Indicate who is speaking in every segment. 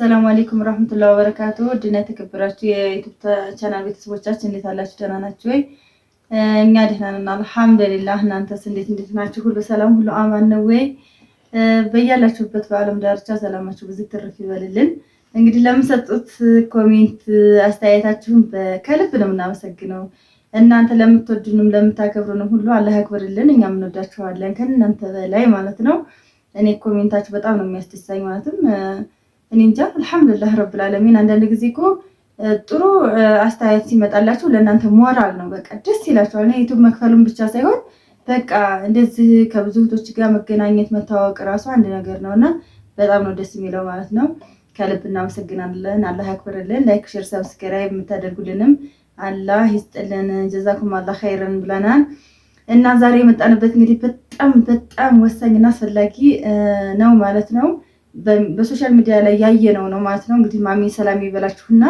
Speaker 1: ሰላም አለይኩም ረህመቱላሂ ወበረካቱ ድና የተከበራችሁ የዩቲዩብ ቻናል ቤተሰቦቻችን እንዴት አላችሁ? ደህና ናችሁ ወይ? እኛ ደህና ነን አልሐምዱሊላህ። እናንተስ እንዴት እንዴት ናችሁ? ሁሉ ሰላም፣ ሁሉ አማን ነው ወይ? በያላችሁበት በአለም ዳርቻ ሰላማችሁ ብዙ ትርፍ ይበልልን። እንግዲህ ለምሰጡት ኮሜንት አስተያየታችሁን ከልብ ነው የምናመሰግነው። እናንተ ለምትወድንም ለምታከብሩንም ሁሉ አላህ ያክብርልን። እኛም እንወዳችኋለን ከእናንተ በላይ ማለት ነው። እኔ ኮሜንታችሁ በጣም ነው የሚያስደሳኝ ማለትም እኔ እንጃ አልሐምዱሊላህ ረብል አንዳንድ ጊዜ እኮ ጥሩ አስተያየት ሲመጣላችሁ ለእናንተ ሞራል ነው፣ በቃ ደስ ይላችኋል። እና ዩቱብ መክፈሉን ብቻ ሳይሆን በቃ እንደዚህ ከብዙ እህቶች ጋር መገናኘት መታዋወቅ ራሱ አንድ ነገር ነው እና በጣም ነው ደስ የሚለው ማለት ነው። ከልብ እናመሰግናለን። አላህ ያክብርልን። ላይክ፣ ሼር፣ ሰብስክራይብ የምታደርጉልንም አላህ ይስጥልን። ጀዛኩም አላህ ኸይረን ብለናል እና ዛሬ የመጣንበት እንግዲህ በጣም በጣም ወሳኝና አስፈላጊ ነው ማለት ነው። በሶሻል ሚዲያ ላይ ያየ ነው ማለት ነው። እንግዲህ ማሚ ሰላም ይበላችሁና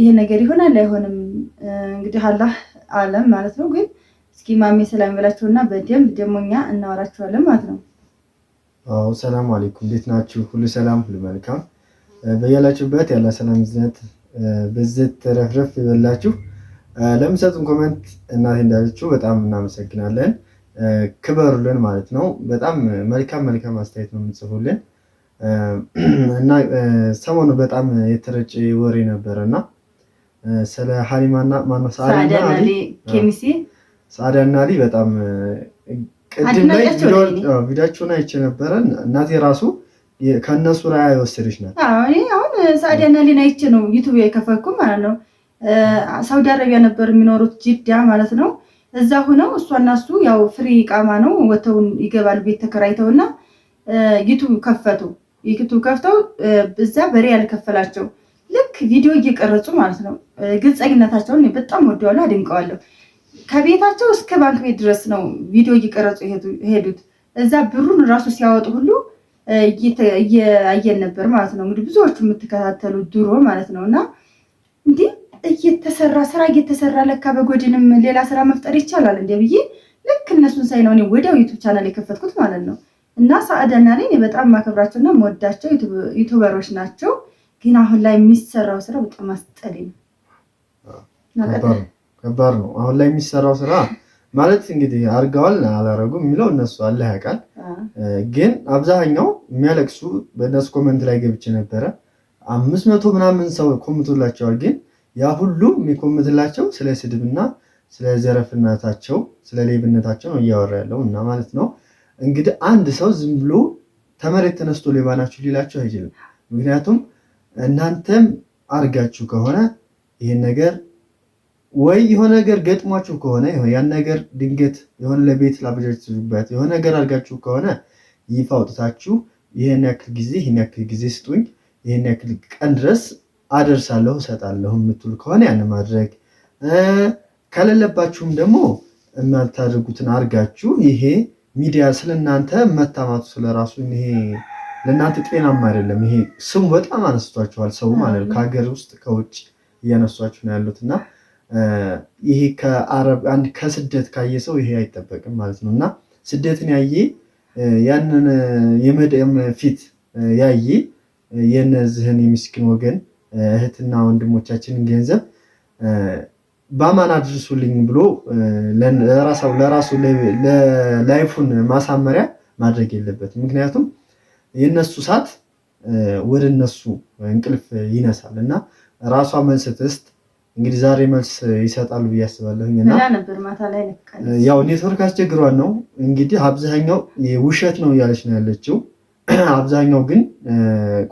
Speaker 1: ይሄ ነገር ይሆናል አይሆንም እንግዲህ አላህ አለም ማለት ነው። ግን እስኪ ማሚ ሰላም ይበላችሁና በደንብ ደግሞ እኛ እናወራችኋለን ማለት ነው።
Speaker 2: አዎ ሰላም አለይኩም፣ እንዴት ናችሁ? ሁሉ ሰላም፣ ሁሉ መልካም በያላችሁበት ያለ ሰላም ዝነት በዝት ተረፍረፍ ይበላችሁ። ለምሰጡን ኮመንት እናቴ እንዳለችው በጣም እናመሰግናለን። ክበሩልን ማለት ነው። በጣም መልካም መልካም አስተያየት ነው የምንጽፉልን እና ሰሞኑ በጣም የተረጨ ወሬ ነበረ እና ስለ ሀሊማና ማነው ሰአዳና አሊ በጣም ቅድም ላይ ቪዲዮአችሁን አይቼ ነበረን። እናቴ ራሱ ከእነሱ ራያ የወሰደች ናት።
Speaker 1: አሁን ሰአዳና አሊን አይቼ ነው ዩቱብ የከፈትኩ ማለት ነው። ሳውዲ አረቢያ ነበር የሚኖሩት ጅዳ ማለት ነው እዛ ሆነው እሷና እሱ ያው ፍሪ ቃማ ነው ወተውን ይገባል ቤት ተከራይተውና ዩቱብ ከፈቱ። ዩቱብ ከፍተው እዛ በሪያል ከፈላቸው ልክ ቪዲዮ እየቀረጹ ማለት ነው። ግልጸኝነታቸውን በጣም ወደዋለሁ፣ አድንቀዋለሁ። ከቤታቸው እስከ ባንክ ቤት ድረስ ነው ቪዲዮ እየቀረጹ ሄዱት። እዛ ብሩን ራሱ ሲያወጡ ሁሉ እያየን ነበር ማለት ነው። እንግዲህ ብዙዎቹ የምትከታተሉ ድሮ ማለት ነው እና እንዲህ እየተሰራ ስራ እየተሰራ ለካ በጎድንም ሌላ ስራ መፍጠር ይቻላል እንደ ብዬ ልክ እነሱን ሳይ ነው እኔ ወዲያው ዩቱብ ቻናል የከፈትኩት ማለት ነው። እና ሰአዳና ላይ በጣም ማከብራቸውና መወዳቸው ዩቱበሮች ናቸው። ግን አሁን ላይ የሚሰራው ስራ በጣም አስጠሊ
Speaker 2: ነው፣ ከባድ ነው። አሁን ላይ የሚሰራው ስራ ማለት እንግዲህ አርገዋል አላረጉም የሚለው እነሱ አለ ያውቃል። ግን አብዛኛው የሚያለቅሱ በእነሱ ኮመንት ላይ ገብቼ ነበረ አምስት መቶ ምናምን ሰው ኮምቶላቸዋል ግን ያ ሁሉ የሚኮምትላቸው ስለ ስድብና ስለ ዘረፍነታቸው ስለ ሌብነታቸው ነው እያወራ ያለው እና ማለት ነው እንግዲህ አንድ ሰው ዝም ብሎ ተመሬት ተነስቶ ሌባ ናችሁ ሊላችሁ አይችልም። ምክንያቱም እናንተም አድርጋችሁ ከሆነ ይህን ነገር ወይ የሆነ ነገር ገጥሟችሁ ከሆነ ያን ነገር ድንገት የሆነ ለቤት ላበጃችሁበት የሆነ ነገር አርጋችሁ ከሆነ ይፋ አውጥታችሁ ይህን ያክል ጊዜ ይህን ያክል ጊዜ ስጡኝ፣ ይህን ያክል ቀን ድረስ አደርሳለሁ እሰጣለሁ የምትሉ ከሆነ ያን ማድረግ ከሌለባችሁም ደግሞ የማታደርጉትን አድርጋችሁ ይሄ ሚዲያ ስለእናንተ መታማቱ ስለራሱ ይሄ ለእናንተ ጤናማ አይደለም። ይሄ ስሙ በጣም አነስቷችኋል። ሰው ማለት ከሀገር ውስጥ ከውጭ እያነሷችሁ ነው ያሉት እና ይሄ ከአረብ አንድ ከስደት ካየ ሰው ይሄ አይጠበቅም ማለት ነው እና ስደትን ያየ ያንን የመደም ፊት ያየ የነዝህን የሚስኪን ወገን እህትና ወንድሞቻችንን ገንዘብ በአማና አድርሱልኝ ብሎ ለራሱ ላይፉን ማሳመሪያ ማድረግ የለበትም። ምክንያቱም የእነሱ ሰዓት ወደ እነሱ እንቅልፍ ይነሳል እና ራሷ መልስ ትስት እንግዲህ ዛሬ መልስ ይሰጣሉ ብዬ አስባለሁኝ እና ያው ኔትወርክ አስቸግሯን ነው እንግዲህ አብዛኛው ውሸት ነው እያለች ነው ያለችው አብዛኛው ግን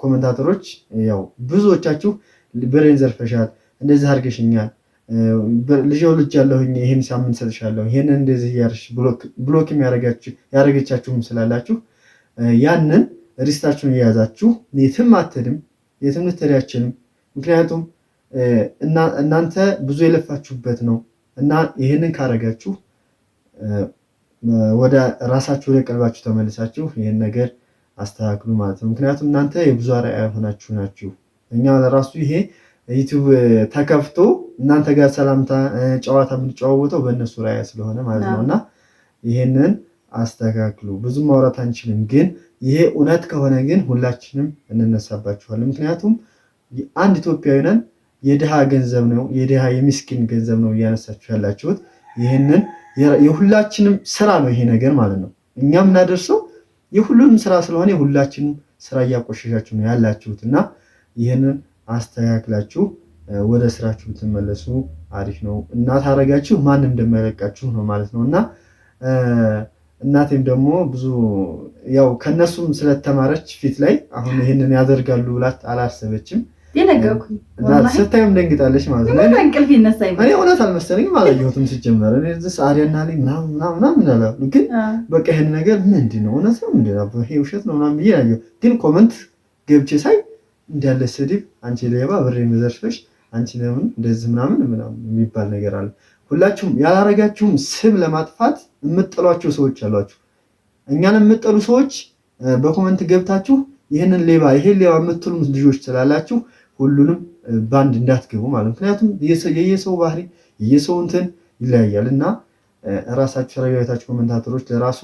Speaker 2: ኮመንታተሮች ያው ብዙዎቻችሁ ብሬን ዘርፈሻል፣ እንደዚህ አድርገሽኛል፣ ልጅ ልጅ ያለሁኝ ይህን ሳምንት ሰጥሻለሁ፣ ይህን እንደዚህ እያልሽ ብሎክም ያደረገቻችሁም ስላላችሁ ያንን ሪስታችሁን የያዛችሁ የትም አትድም፣ የትም ልትሄድ ምክንያቱም እናንተ ብዙ የለፋችሁበት ነው እና ይህንን ካረጋችሁ ወደ ራሳችሁ ወደ ቀልባችሁ ተመልሳችሁ ይህን ነገር አስተካክሉ ማለት ነው። ምክንያቱም እናንተ የብዙ አርአያ ሆናችሁ ናችሁ። እኛ ለራሱ ይሄ ዩቲዩብ ተከፍቶ እናንተ ጋር ሰላምታ፣ ጨዋታ የምንጨዋወተው በእነሱ ራያ ስለሆነ ማለት ነው። እና ይሄንን አስተካክሉ። ብዙ ማውራት አንችልም፣ ግን ይሄ እውነት ከሆነ ግን ሁላችንም እንነሳባችኋለን። ምክንያቱም አንድ ኢትዮጵያዊ ነን። የድሃ ገንዘብ ነው የድሃ የሚስኪን ገንዘብ ነው እያነሳችሁ ያላችሁት። ይህንን የሁላችንም ስራ ነው ይሄ ነገር ማለት ነው እኛ የምናደርሰው የሁሉንም ስራ ስለሆነ የሁላችንም ስራ እያቆሸሻችሁ ነው ያላችሁት እና ይህንን አስተካክላችሁ ወደ ስራችሁ ብትመለሱ አሪፍ ነው። እናት አረጋችሁ ማን እንደማይለቃችሁ ነው ማለት ነው እና እናቴም ደግሞ ብዙ ያው ከእነሱም ስለተማረች ፊት ላይ አሁን ይህንን ያደርጋሉ ብላት አላሰበችም። የነገርኩኝ ስታይም ደንግጣለች ማለት
Speaker 1: ነው። እንቅልፍ ይነሳኝ
Speaker 2: እኔ እውነት አልመሰለኝም አላየሁትም ሲጀመር አሪያና ላይ ምናምን አላሉ። ግን በቃ ይህን ነገር ምንድን ነው እውነት ነው ምንድን ነው ይሄ ውሸት ነው ምናምን ብዬ ያየሁ። ግን ኮመንት ገብቼ ሳይ እንዳለ ስድብ፣ አንቺ ሌባ፣ ብሬ መዘርፈሽ፣ አንቺ ለምን እንደዚህ ምናምን ምናምን የሚባል ነገር አለ። ሁላችሁም ያላረጋችሁም ስም ለማጥፋት የምጠሏቸው ሰዎች አሏችሁ። እኛን የምጠሉ ሰዎች በኮመንት ገብታችሁ ይህንን ሌባ ይሄን ሌባ የምትሉም ልጆች ስላላችሁ ሁሉንም ባንድ እንዳትገቡ ማለት ምክንያቱም የየሰው ባህሪ የየሰው እንትን ይለያያል እና ራሳቸው ተረጋግታችሁ ኮመንታተሮች ለራሱ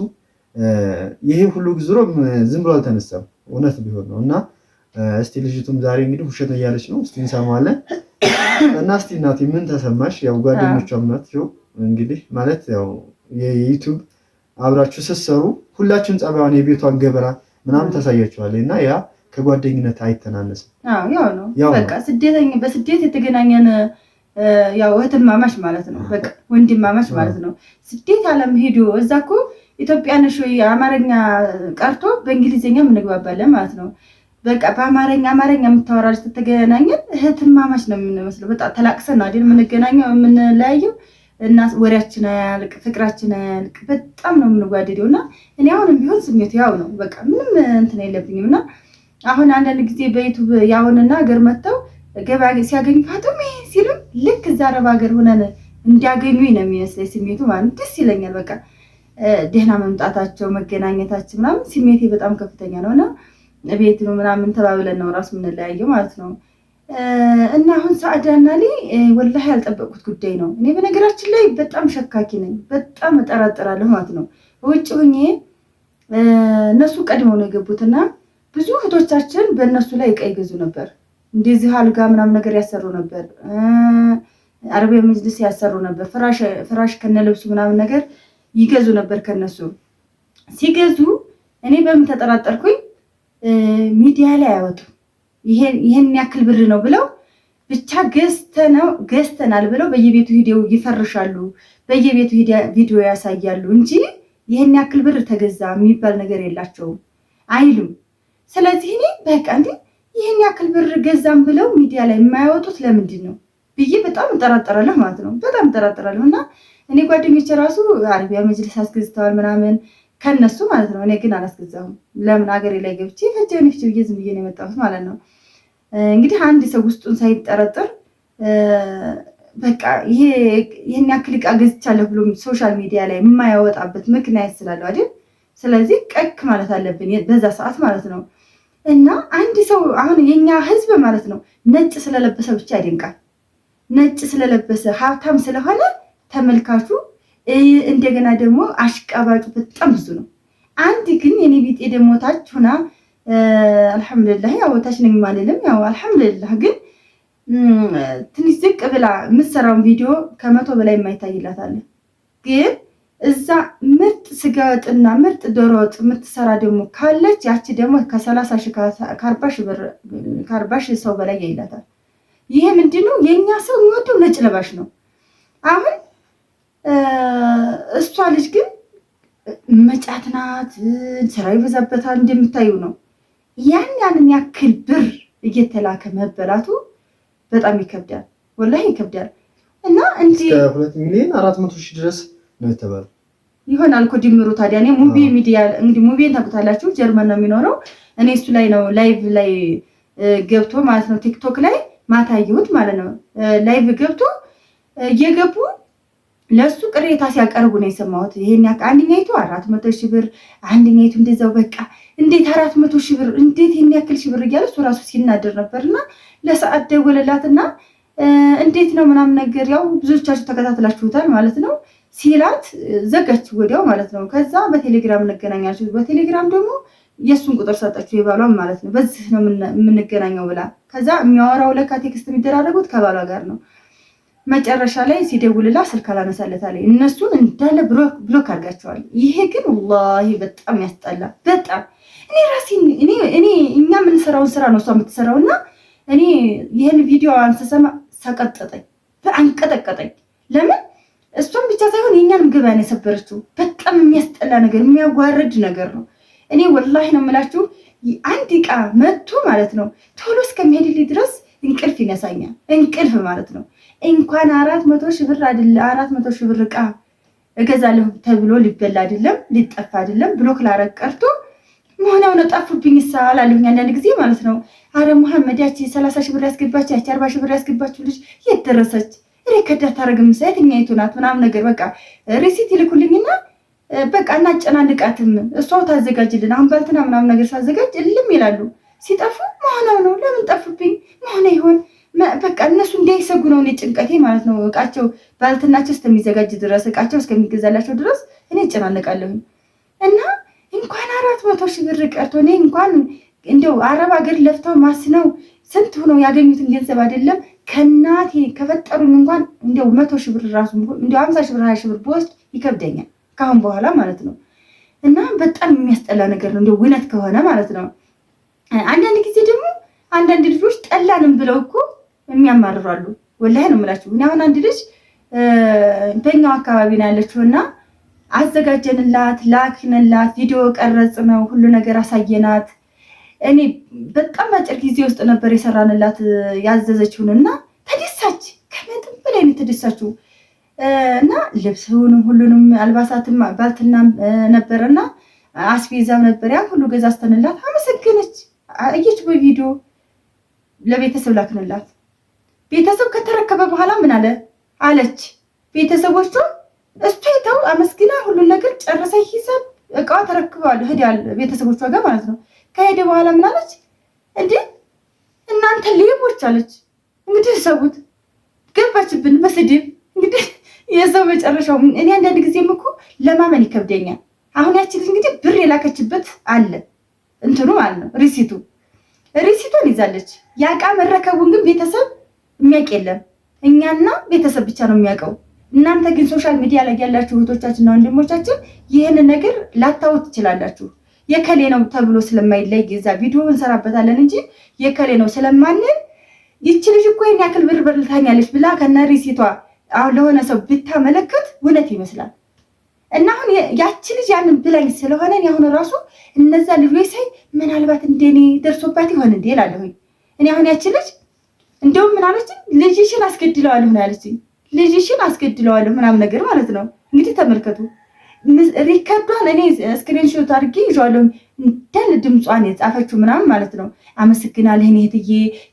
Speaker 2: ይሄ ሁሉ ግዝሮም ዝም ብሎ አልተነሳም፣ እውነት ቢሆን ነው እና እስቲ ልጅቱም ዛሬ እንግዲህ ውሸት እያለች ነው። እስቲ እንሰማዋለን እና እስቲ እናት ምን ተሰማሽ? ያው ጓደኞቿም ናት እንግዲህ ማለት ያው የዩቱብ አብራችሁ ስትሰሩ ሁላችሁም ጸባይዋን የቤቷን ገበራ ምናምን ታሳያችኋል እና ያ ከጓደኝነት አይተናነስም።
Speaker 1: ያው በቃ ስደተኛ በስደት የተገናኘን ያው እህትማማች ማለት ነው። በቃ ወንድማማች ማለት ነው። ስደት ዓለም ሄዶ እዛ እኮ ኢትዮጵያ ነሽ ወይ አማርኛ ቀርቶ በእንግሊዝኛ የምንግባባለን ማለት ነው። በቃ በአማርኛ አማርኛ የምታወራ ልጅ ተገናኘን፣ እህትማማች ነው የምንመስለው። በጣም ተላቅሰን አይደል የምንገናኘው የምንለያየው እና ወሬያችን አያልቅ ፍቅራችን አያልቅ። በጣም ነው የምንጓደደው እና እኔ አሁንም ቢሆን ስሜቱ ያው ነው። በቃ ምንም እንትን የለብኝም እና አሁን አንዳንድ ጊዜ በዩቱብ ያሁንና ሀገር መጥተው ገበያ ሲያገኙ ፋጡሜ ሲሉ ልክ እዛ አረብ ሀገር ሆነን እንዲያገኙ ነው የሚመስለኝ ስሜቱ ማለት ደስ ይለኛል። በቃ ደህና መምጣታቸው መገናኘታችን ምናምን ስሜቴ በጣም ከፍተኛ ነው እና ቤት ነው ምናምን ተባብለን ነው ራሱ የምንለያየው ማለት ነው። እና አሁን ሰአዳና ላይ ወላሂ ያልጠበቅኩት ጉዳይ ነው። እኔ በነገራችን ላይ በጣም ሸካኪ ነኝ፣ በጣም እጠራጠራለሁ ማለት ነው። ውጭ ሁኜ እነሱ ቀድመው ነው የገቡትና ብዙ እህቶቻችን በእነሱ ላይ እቃ ይገዙ ነበር። እንደዚህ አልጋ ምናምን ነገር ያሰሩ ነበር፣ አረብ መጅልስ ያሰሩ ነበር፣ ፍራሽ ከነልብሱ ምናምን ነገር ይገዙ ነበር። ከነሱ ሲገዙ እኔ በምን ተጠራጠርኩኝ? ሚዲያ ላይ አያወጡም። ይሄን ያክል ብር ነው ብለው ብቻ ገዝተናል ብለው በየቤቱ ሂደው ይፈርሻሉ፣ በየቤቱ ቪዲዮ ያሳያሉ እንጂ ይህን ያክል ብር ተገዛ የሚባል ነገር የላቸውም አይሉም። ስለዚህ እኔ በቃ እንዴ ይህን ያክል ብር ገዛም ብለው ሚዲያ ላይ የማያወጡት ለምንድን ነው ብዬ በጣም እጠራጠራለሁ ማለት ነው። በጣም እጠራጠራለሁ እና እኔ ጓደኞች ራሱ አረቢያ መጅልስ አስገዝተዋል ምናምን ከነሱ ማለት ነው። እኔ ግን አላስገዛሁም። ለምን ሀገር ላይ ገብቼ ፈጀን ፍች ብዬ ዝም ብዬ ነው የመጣሁት ማለት ነው። እንግዲህ አንድ ሰው ውስጡን ሳይጠረጥር በቃ ይህን ያክል ዕቃ ገዝቻለሁ ብሎ ሶሻል ሚዲያ ላይ የማያወጣበት ምክንያት ስላለው አይደል? ስለዚህ ቀክ ማለት አለብን በዛ ሰዓት ማለት ነው። እና አንድ ሰው አሁን የኛ ህዝብ ማለት ነው ነጭ ስለለበሰ ብቻ ያደንቃል። ነጭ ስለለበሰ ሀብታም ስለሆነ ተመልካቹ እንደገና ደግሞ አሽቀባጩ በጣም ብዙ ነው። አንድ ግን የኔ ቢጤ ደግሞ ታች ሆና አልሐምዱሊላህ ያው ታች ነኝ ማለልም ያው አልሐምዱላ ግን ትንሽ ዝቅ ብላ የምትሰራውን ቪዲዮ ከመቶ በላይ የማይታይላት አለ ግን እዛ ምርጥ ስጋ ወጥና ምርጥ ዶሮ ወጥ የምትሰራ ደግሞ ካለች ያቺ ደግሞ ከሰላሳ ሺህ ከአርባ ሰው በላይ ይላታል። ይሄ ነው? የእኛ ሰው የሚወደው ነጭ ለባሽ ነው። አሁን እሷ ልጅ ግን መጫት ናት፣ ስራ ይበዛበታል። እንደምታዩ ነው። ያን ያንን ያክል ብር እየተላከ መበላቱ በጣም ይከብዳል፣ ወላሂ ይከብዳል። እና እንዲህ
Speaker 2: ሁለት ሚሊዮን አራት መቶ ሺህ ድረስ ነው የተባለው።
Speaker 1: ይሆናል እኮ ድምሩ። ታዲያ እኔ ሙቪ ሚዲያ እንግዲህ ሙቪን ታውቁታላችሁ፣ ጀርመን ነው የሚኖረው። እኔ እሱ ላይ ነው ላይቭ ላይ ገብቶ ማለት ነው ቲክቶክ ላይ ማታየሁት ማለት ነው። ላይቭ ገብቶ እየገቡ ለእሱ ቅሬታ ሲያቀርቡ ነው የሰማሁት። ይሄን ያክ አንድኛይቱ አራት መቶ ሺህ ብር አንደኛይቱ እንደዛው በቃ እንዴት አራት መቶ ሺህ ብር እንዴት ይሄን ያክል ሺህ ብር እያለ እሱ ራሱ ሲናደር ነበርና ለሰዓት ደወለላትና እንዴት ነው ምናምን ነገር ያው ብዙዎቻችሁ ተከታትላችሁታል ማለት ነው ሲላት ዘጋች ወዲያው ማለት ነው። ከዛ በቴሌግራም እንገናኛችሁ፣ በቴሌግራም ደግሞ የእሱን ቁጥር ሰጠችው የባሏን ማለት ነው። በዚህ ነው የምንገናኘው ብላ ከዛ የሚያወራው ለካ ቴክስት የሚደራረጉት ከባሏ ጋር ነው። መጨረሻ ላይ ሲደውልላ ስልክ አላነሳለት እነሱን እንዳለ ብሎክ አድርጋቸዋል። ይሄ ግን ወላሂ በጣም ያስጠላ። በጣም እኔ ራሴ እኔ እኛ የምንሰራውን ስራ ነው እሷ የምትሰራው እና እኔ ይህን ቪዲዮ አንስሰማ ሰቀጠጠኝ፣ በአንቀጠቀጠኝ ለምን እሷም ብቻ ሳይሆን የእኛንም ገበያን የሰበረችው በጣም የሚያስጠላ ነገር የሚያዋረድ ነገር ነው። እኔ ወላሂ ነው የምላችሁ አንድ ዕቃ መጥቶ ማለት ነው ቶሎ እስከሚሄድልኝ ድረስ እንቅልፍ ይነሳኛል። እንቅልፍ ማለት ነው እንኳን አራት መቶ ሺህ ብር አይደለም አራት መቶ ሺህ ብር ዕቃ እገዛለሁ ተብሎ ሊበላ አይደለም ሊጠፋ አይደለም ብሎክ ላረግ ቀርቶ መሆናው ነው ጠፉብኝ ሳ አላለሁኝ። አንዳንድ ጊዜ ማለት ነው አረ መሐመድ ያቺ ሰላሳ ሺህ ብር ያስገባች ያቺ አርባ ሺህ ብር ያስገባችው ልጅ የት ደረሰች? ሪከርድ አታደርግም የትኛይቱ ናት ምናምን ነገር በቃ ሪሲት ይልኩልኝና በቃ እናጨናንቃትም እሷው ታዘጋጅልን አሁን ባልትና ምናምን ነገር ሳዘጋጅ እልም ይላሉ። ሲጠፉ መሆናው ነው ለምን ጠፉብኝ መሆነ ይሆን በቃ እነሱ እንዳይሰጉ ነው እኔ ጭንቀቴ ማለት ነው። እቃቸው ባልትናቸው እስከሚዘጋጅ ድረስ እቃቸው እስከሚገዛላቸው ድረስ እኔ እጨናነቃለሁ እና እንኳን አራት መቶ ሺህ ብር ቀርቶ እኔ እንኳን እንደው አረብ ሀገር ለፍተው ማስነው ስንት ሆነው ያገኙትን ገንዘብ አይደለም ከእናቴ ከፈጠሩኝ እንኳን እንዲያው መቶ ሺህ ብር ራሱ እንዲያው ሀምሳ ሺህ ብር ሀያ ሺህ ብር ብወስድ ይከብደኛል ከአሁን በኋላ ማለት ነው። እና በጣም የሚያስጠላ ነገር ነው እንዲያው ውነት ከሆነ ማለት ነው። አንዳንድ ጊዜ ደግሞ አንዳንድ ልጆች ጠላንም ብለው እኮ የሚያማርራሉ። አሉ። ወላሂ ነው የምላችሁ። እኔ አሁን አንድ ልጅ በኛው አካባቢ ነው ያለችው እና አዘጋጀንላት፣ ላክንላት፣ ቪዲዮ ቀረጽ ነው ሁሉ ነገር አሳየናት። እኔ በጣም አጭር ጊዜ ውስጥ ነበር የሰራንላት ያዘዘችውን እና ተደሳች፣ ከመጠን በላይ ነው የተደሳችው እና ልብስን ሁሉንም አልባሳትም ባልትና እና አስቤዛም ነበር ያ ሁሉ ገዛ አስተንላት። አመሰገነች። አየች በቪዲዮ ለቤተሰብ ላክንላት። ቤተሰብ ከተረከበ በኋላ ምን አለ አለች ቤተሰቦቹ እስፔተው አመስግና ሁሉን ነገር ጨረሰ። ሂሳብ እቃዋ ተረክበዋል። ህድ ቤተሰቦቿ ጋር ማለት ነው ከሄደ በኋላ ምን አለች? እንዴ እናንተ ሌቦች አለች። እንግዲህ ሰቡት ገባችብን በስድብ እንግዲህ የሰው መጨረሻው። እኔ አንዳንድ ጊዜም እኮ ለማመን ይከብደኛል። አሁን ያችን እንግዲህ ብር የላከችበት አለ እንትኑ ማለት ነው ሪሲቱ ሪሲቱን ይዛለች። የእቃ መረከቡን ግን ቤተሰብ የሚያውቅ የለም። እኛና ቤተሰብ ብቻ ነው የሚያውቀው። እናንተ ግን ሶሻል ሚዲያ ላይ ያላችሁ እህቶቻችንና ወንድሞቻችን ይህን ነገር ላታውት ትችላላችሁ። የከሌ ነው ተብሎ ስለማይለይ እዛ ቪዲዮ እንሰራበታለን እንጂ የከሌ ነው ስለማንል ይቺ ልጅ እኮ ይህን ያክል ብር ብር ልታኛለች ብላ ከነ ሪሲቷ ለሆነ ሰው ብታመለክት እውነት ይመስላል። እና አሁን ያቺ ልጅ ያንን ብላኝ ስለሆነ አሁን ራሱ እነዛ ልጆች ሳይ ምናልባት እንደኔ ደርሶባት ይሆን እንዴ እላለሁኝ። እኔ አሁን ያቺ ልጅ እንደውም ምናለች ልጅሽን አስገድለዋለሁ ነው ያለችኝ። ልጅሽን አስገድለዋለሁ ምናምን ነገር ማለት ነው። እንግዲህ ተመልከቱ። ሪከርዷን እኔ ስክሪንሾት አድርጌ ይዤዋለሁ። እንዳለ ድምጿን የጻፈችው ምናምን ማለት ነው። አመሰግናለሁ እህትዬ፣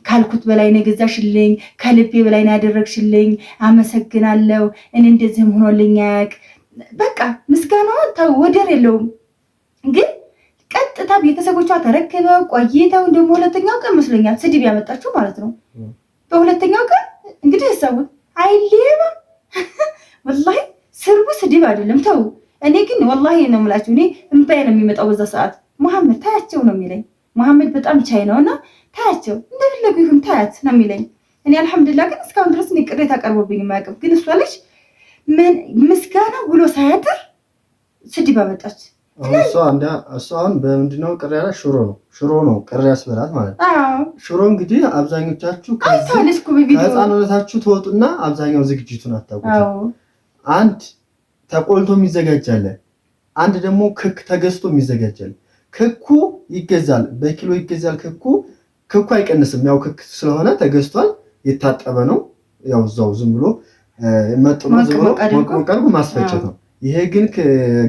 Speaker 1: ካልኩት በላይ ነው የገዛሽልኝ፣ ከልቤ በላይ ነው ያደረግሽልኝ፣ አመሰግናለሁ። እኔ እንደዚህም ሆኖልኝ ያቅ በቃ ምስጋናዋ ወደር የለውም። ግን ቀጥታ ቤተሰቦቿ ተረክበው ቆይተው እንደውም በሁለተኛው ቀን መስሎኛል ስድብ ያመጣችው ማለት ነው። በሁለተኛው ቀን እንግዲህ ሰውን አይሌባ ወላሂ ስርቡ ስድብ አይደለም ተው እኔ ግን ወላሂ ነው የምላችሁ፣ እኔ እምባዬ ነው የሚመጣው በዛ ሰዓት። መሐመድ ታያቸው ነው የሚለኝ። መሐመድ በጣም ቻይ ነው እና ታያቸው እንደፈለጉ ይሁን ታያት ነው የሚለኝ። እኔ አልሐምዱሊላህ ግን እስካሁን ድረስ እኔ ቅሬታ ቀርቦብኝ የማያውቅም። ግን እሷ ልጅ ምስጋና ውሎ ሳያድር ስድብ አመጣች።
Speaker 2: እሷ አሁን በምንድን ነው ቅር ያላት? ሽሮ ነው ሽሮ ነው ቅሬ ያስበላት ማለት ነው። ሽሮ እንግዲህ አብዛኞቻችሁ
Speaker 1: ከህፃንነታችሁ
Speaker 2: ትወጡና አብዛኛው ዝግጅቱን አታውቁት አንድ ተቆልቶ የሚዘጋጃለ፣ አንድ ደግሞ ክክ ተገዝቶ የሚዘጋጃለ። ክኩ ይገዛል፣ በኪሎ ይገዛል። ክኩ ክኩ አይቀንስም። ያው ክክ ስለሆነ ተገዝቷል፣ የታጠበ ነው። ያው እዛው ዝም ብሎ መጥኖ ማስፈጨት ነው። ይሄ ግን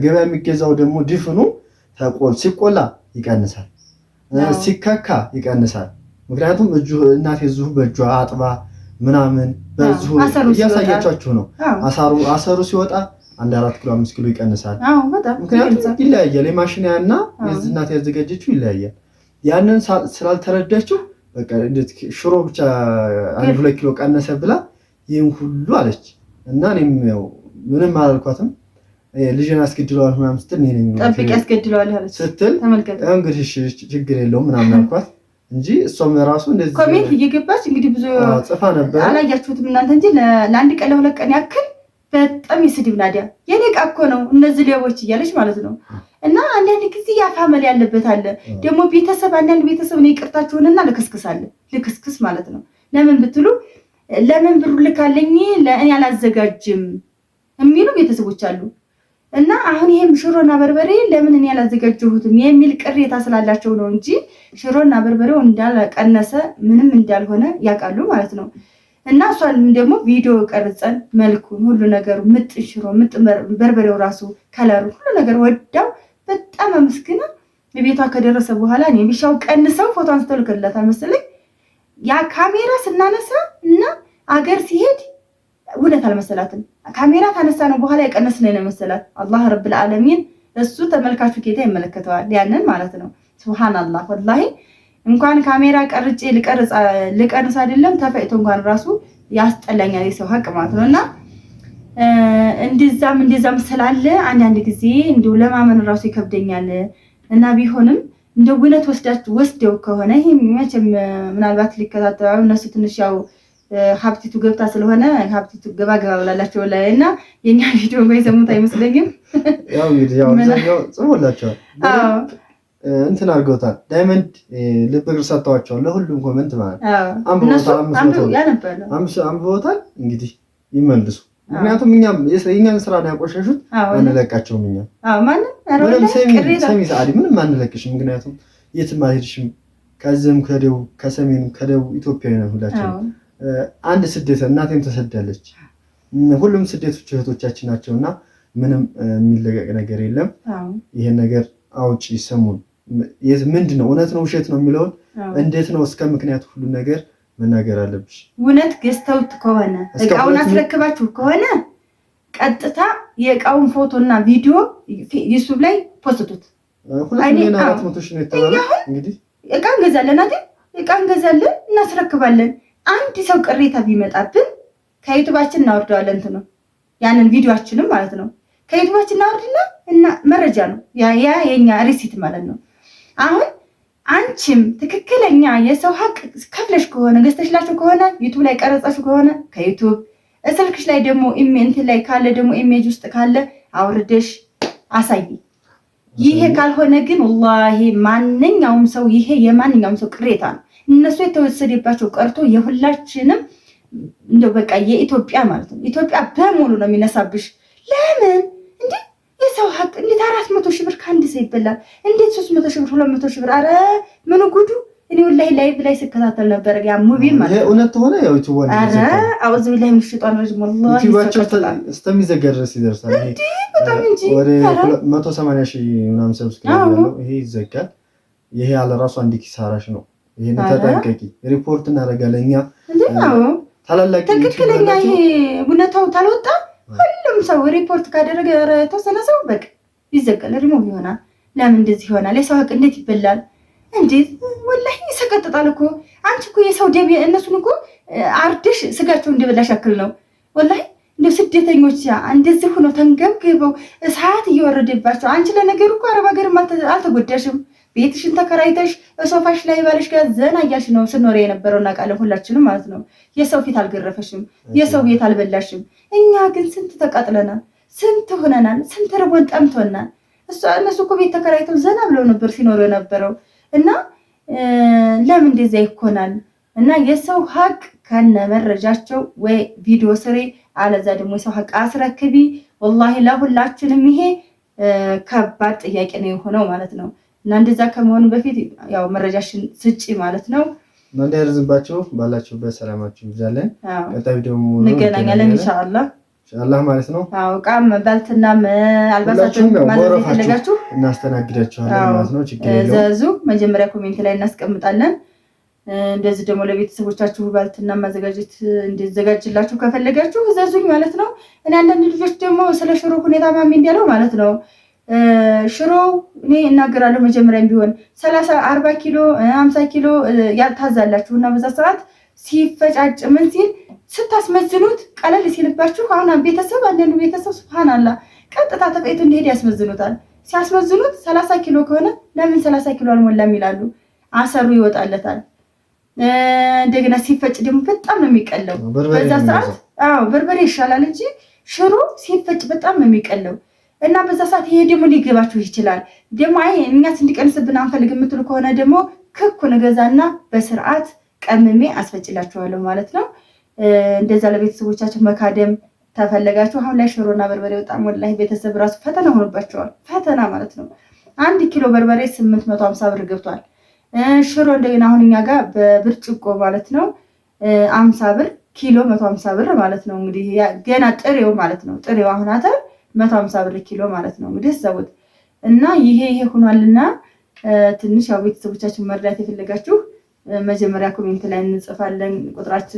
Speaker 2: ገበያ የሚገዛው ደግሞ ድፍኑ ተቆል ሲቆላ ይቀንሳል፣ ሲከካ ይቀንሳል። ምክንያቱም እጁ እናቴ እዚሁ በእጇ አጥባ ምናምን በዚሁ እያሳያቻችሁ ነው። አሰሩ ሲወጣ አንድ አራት ኪሎ አምስት ኪሎ ይቀንሳል። ምክንያቱም ይለያያል። የማሽን ያና የዝናት ያዘጋጀችው ይለያያል። ያንን ስላልተረዳችው ሽሮ ብቻ አንድ ሁለት ኪሎ ቀነሰ ብላ ይህም ሁሉ አለች እና እኔም ያው ምንም አላልኳትም። ልጅን አስገድለዋል ምናምን ስትል
Speaker 1: ጠብቂ ያስገድለዋል
Speaker 2: ስትል እንግዲህ ችግር የለውም ምናምን አልኳት እንጂ እሷም ራሱ እንደዚህ
Speaker 1: ኮሜንት እየገባች እንግዲህ ብዙ ጽፋ ነበር። አላያችሁትም እናንተ እንጂ ለአንድ ቀን ለሁለት ቀን ያክል በጣም የስድብ ናዲያ የኔ ዕቃ እኮ ነው እነዚህ ሌቦች እያለች ማለት ነው። እና አንዳንድ ጊዜ ያፋመል ያለበት አለ ደግሞ ቤተሰብ፣ አንዳንድ ቤተሰብ ነው ይቅርታችሁንና ልክስክስ አለ ልክስክስ ማለት ነው። ለምን ብትሉ ለምን ብሩ ልካለኝ ለእኔ አላዘጋጅም የሚሉ ቤተሰቦች አሉ። እና አሁን ይሄም ሽሮና በርበሬ ለምን እኔ ያላዘጋጀሁትም የሚል ቅሬታ ስላላቸው ነው እንጂ ሽሮና በርበሬው እንዳልቀነሰ ምንም እንዳልሆነ ያውቃሉ ማለት ነው። እና እሷንም ደግሞ ቪዲዮ ቀርጸን መልኩን ሁሉ ነገሩ ምጥ ሽሮ ምጥ በርበሬው ራሱ ከለሩ ሁሉ ነገር ወዳው በጣም አመስግና የቤቷ ከደረሰ በኋላ እኔ ቢሻው ቀንሰው ፎቶ አንስተው ልክልላታል መሰለኝ። ያ ካሜራ ስናነሳ እና አገር ሲሄድ እውነት አልመሰላትም። ካሜራ ታነሳ ነው በኋላ የቀነስ ነው የመሰላት። አላህ ረብል ዓለሚን እሱ ተመልካቹ ጌታ ይመለከተዋል። ያንን ማለት ነው። ሱብሃንአላህ ወላሂ እንኳን ካሜራ ቀርጬ ልቀርጽ አይደለም ተፈጭቶ እንኳን ራሱ ያስጠላኛል። የሰው ሀቅ ማለት ነው እና እንዲዛም እንዲዛም ስላለ አንዳንድ ጊዜ እንዲሁ ለማመን ራሱ ይከብደኛል እና ቢሆንም እንደ እውነት ወስዳችሁ ወስደው ከሆነ ይህም መቼም ምናልባት ሊከታተሉ እነሱ ትንሽ ያው ሀብቲቱ ገብታ ስለሆነ ሀብቲቱ ገባ ገባ ብላላቸው ላይ እና የኛ ቪዲዮ ይዘሙት አይመስለኝም።
Speaker 2: ያው እንግዲህ ያው አብዛኛው ጽፎላቸዋል እንትን አድርገውታል። ዳይመንድ ልብ እግር ሰጥተዋቸዋል። ለሁሉም ኮመንት ማለት አንብበውታል። እንግዲህ ይመልሱ። ምክንያቱም እኛም የእኛን ስራ ነው ያቆሸሹት። አንለቃቸውም። እኛም ሰሚ ሰዓዲ ምንም አንለቅሽም። ምክንያቱም የትም አልሄድሽም። ከዚህም ከደቡብ ከሰሜንም ከደቡብ ኢትዮጵያዊ ነው ሁላችን። አንድ ስደት እናቴም ተሰዳለች። ሁሉም ስደቶች እህቶቻችን ናቸው እና ምንም የሚለቀቅ ነገር የለም። ይሄን ነገር አውጪ ስሙን ምንድን ነው እውነት ነው ውሸት ነው የሚለውን እንዴት ነው እስከ ምክንያት ሁሉ ነገር መናገር አለብሽ።
Speaker 1: እውነት ገዝተውት ከሆነ እቃውን አስረክባችሁ ከሆነ ቀጥታ የእቃውን ፎቶና ቪዲዮ ዩቱብ ላይ ፖስቱት። እቃ እንገዛለን አይደል? እቃ እንገዛለን እናስረክባለን። አንድ ሰው ቅሬታ ቢመጣብን ከዩቱባችን እናወርደዋለን። ነው ያንን ቪዲዮችንም ማለት ነው ከዩቱባችን እናወርድና እና መረጃ ነው ያ የኛ ሪሲት ማለት ነው አሁን አንቺም ትክክለኛ የሰው ሀቅ ከፍለሽ ከሆነ ገዝተሽላቸው ከሆነ ዩቱብ ላይ ቀረጸሽ ከሆነ ከዩቱብ እስልክሽ ላይ ደግሞ ኢሜንት ላይ ካለ ደግሞ ኢሜጅ ውስጥ ካለ አውርደሽ አሳይ። ይሄ ካልሆነ ግን ወላሂ ማንኛውም ሰው ይሄ የማንኛውም ሰው ቅሬታ ነው። እነሱ የተወሰደባቸው ቀርቶ የሁላችንም እንደው በቃ የኢትዮጵያ ማለት ነው ኢትዮጵያ በሙሉ ነው የሚነሳብሽ። ለምን እንዴ ሰው ሀቅ እንዴት አራት መቶ ሺህ ብር ከአንድ ሰው ይበላል? እንዴት ሶስት መቶ ሺህ ብር ሁለት መቶ ሺህ ብር? አረ ምን ጉዱ! እኔ ወላሂ ላይቭ ላይ ስከታተል ነበረ። ያ ሙቪ ማለት
Speaker 2: እውነት ሆነ ያው ዩቲዩብ ወንድ
Speaker 1: አረ አውዝ ቢላሂ ምን ሽጣን ረጅም ወላሂ
Speaker 2: ዩቲዩባቸው እስከሚዘጋ ድረስ ይደርሳል።
Speaker 1: ይሄ በጣም እንጂ
Speaker 2: ወደ 180 ሺህ ምናምን ሰብስክራይብ ያለው ይሄ ይዘጋል። ይሄ ያለ ራሱ አንድ ኪሳራሽ ነው። ይሄን ተጠንቀቂ። ሪፖርት እናደርጋለን እኛ
Speaker 1: ታላላቅ ትክክለኛ ይሄ እውነታው ታልወጣ ሁሉም ሰው ሪፖርት ካደረገ የተወሰነ ሰው በቃ ይዘቀል ሪሞቭ ይሆናል። ለምን እንደዚህ ይሆናል? የሰው ሀቅ እንዴት ይበላል? እንዴት ወላሂ ይሰቀጥጣል እኮ አንቺ እኮ የሰው ደም እነሱን እኮ አርደሽ ስጋቸው እንደበላሽ ያክል ነው ወላሂ። እንደ ስደተኞች እንደዚህ ሆነው ተንገብግበው እሳት እየወረደባቸው አንቺ ለነገሩ እኮ አረብ ሀገርም አልተጎዳሽም። ቤትሽን ተከራይተሽ ሶፋሽ ላይ ባለሽ ጋር ዘና እያልሽ ነው ስኖር የነበረው እናውቃለን፣ ሁላችንም ማለት ነው። የሰው ፊት አልገረፈሽም፣ የሰው ቤት አልበላሽም። እኛ ግን ስንት ተቃጥለናል፣ ስንት ሆነናል፣ ስንት ርቦን ጠምቶናል። እነሱ እኮ ቤት ተከራይተው ዘና ብለው ነበር ሲኖሩ የነበረው እና ለምን እንደዚያ ይኮናል? እና የሰው ሀቅ ከነመረጃቸው ወይ ቪዲዮ ስሬ አለዛ ደግሞ የሰው ሀቅ አስረክቢ። ወላሂ ለሁላችንም ይሄ ከባድ ጥያቄ ነው የሆነው ማለት ነው። እና እንደዛ ከመሆኑ በፊት ያው መረጃሽን ስጪ ማለት ነው።
Speaker 2: እንዳይረዝባቸው ባላችሁበት ሰላማችሁ ይብዛለን። ቀጣይ ደግሞ
Speaker 1: እንገናኛለን ኢንሻአላህ
Speaker 2: ኢንሻአላህ ማለት ነው።
Speaker 1: አዎ እቃም ባልትናም
Speaker 2: አልባሳችሁም ማለት የፈለጋችሁ እናስተናግዳችኋለን ማለት ነው።
Speaker 1: ችግር ዘዙ መጀመሪያ ኮሜንት ላይ እናስቀምጣለን። እንደዚህ ደግሞ ለቤተሰቦቻችሁ ባልትና ማዘጋጀት እንዲዘጋጅላችሁ ከፈለጋችሁ እዘዙኝ ማለት ነው። እኔ አንዳንድ ልጆች ደግሞ ስለ ሽሮ ሁኔታ ማሚ እንዲያለው ማለት ነው ሽሮ እኔ እናገራለሁ መጀመሪያም ቢሆን ሰላሳ አርባ ኪሎ ሀምሳ ኪሎ ያልታዛላችሁ እና በዛ ሰዓት ሲፈጫጭ ምን ሲል ስታስመዝኑት ቀለል ሲልባችሁ አሁን ቤተሰብ አንዳንዱ ቤተሰብ ስብሃናላ ቀጥታ ተፈይቶ እንደሄድ ያስመዝኑታል። ሲያስመዝኑት ሰላሳ ኪሎ ከሆነ ለምን ሰላሳ ኪሎ አልሞላም ይላሉ። አሰሩ ይወጣለታል። እንደገና ሲፈጭ ደግሞ በጣም ነው የሚቀለው በዛ ሰዓት። አዎ በርበሬ ይሻላል እንጂ ሽሮ ሲፈጭ በጣም ነው የሚቀለው። እና በዛ ሰዓት ይሄ ደግሞ ሊገባችሁ ይችላል። ደግሞ አይ እኛስ እንዲቀንስብን አንፈልግ የምትሉ ከሆነ ደግሞ ክኩ ንገዛና በስርዓት ቀምሜ አስፈጭላችኋለሁ ማለት ነው። እንደዛ ለቤተሰቦቻችሁ መካደም ተፈለጋችሁ አሁን ላይ ሽሮና በርበሬ በጣም ወላሂ ቤተሰብ ራሱ ፈተና ሆኖባቸዋል። ፈተና ማለት ነው። አንድ ኪሎ በርበሬ ስምንት መቶ ሀምሳ ብር ገብቷል። ሽሮ እንደገና አሁን እኛ ጋር በብርጭቆ ማለት ነው አምሳ ብር ኪሎ መቶ ሀምሳ ብር ማለት ነው። እንግዲህ ገና ጥሬው ማለት ነው ጥሬው አሁን አተር መቶ ሀምሳ ብር ኪሎ ማለት ነው እንግዲህ ሰቡት እና ይሄ ይሄ ሆኗልና ትንሽ ያው ቤተሰቦቻችን መርዳት የፈለጋችሁ መጀመሪያ ኮሜንት ላይ እንጽፋለን ቁጥራችን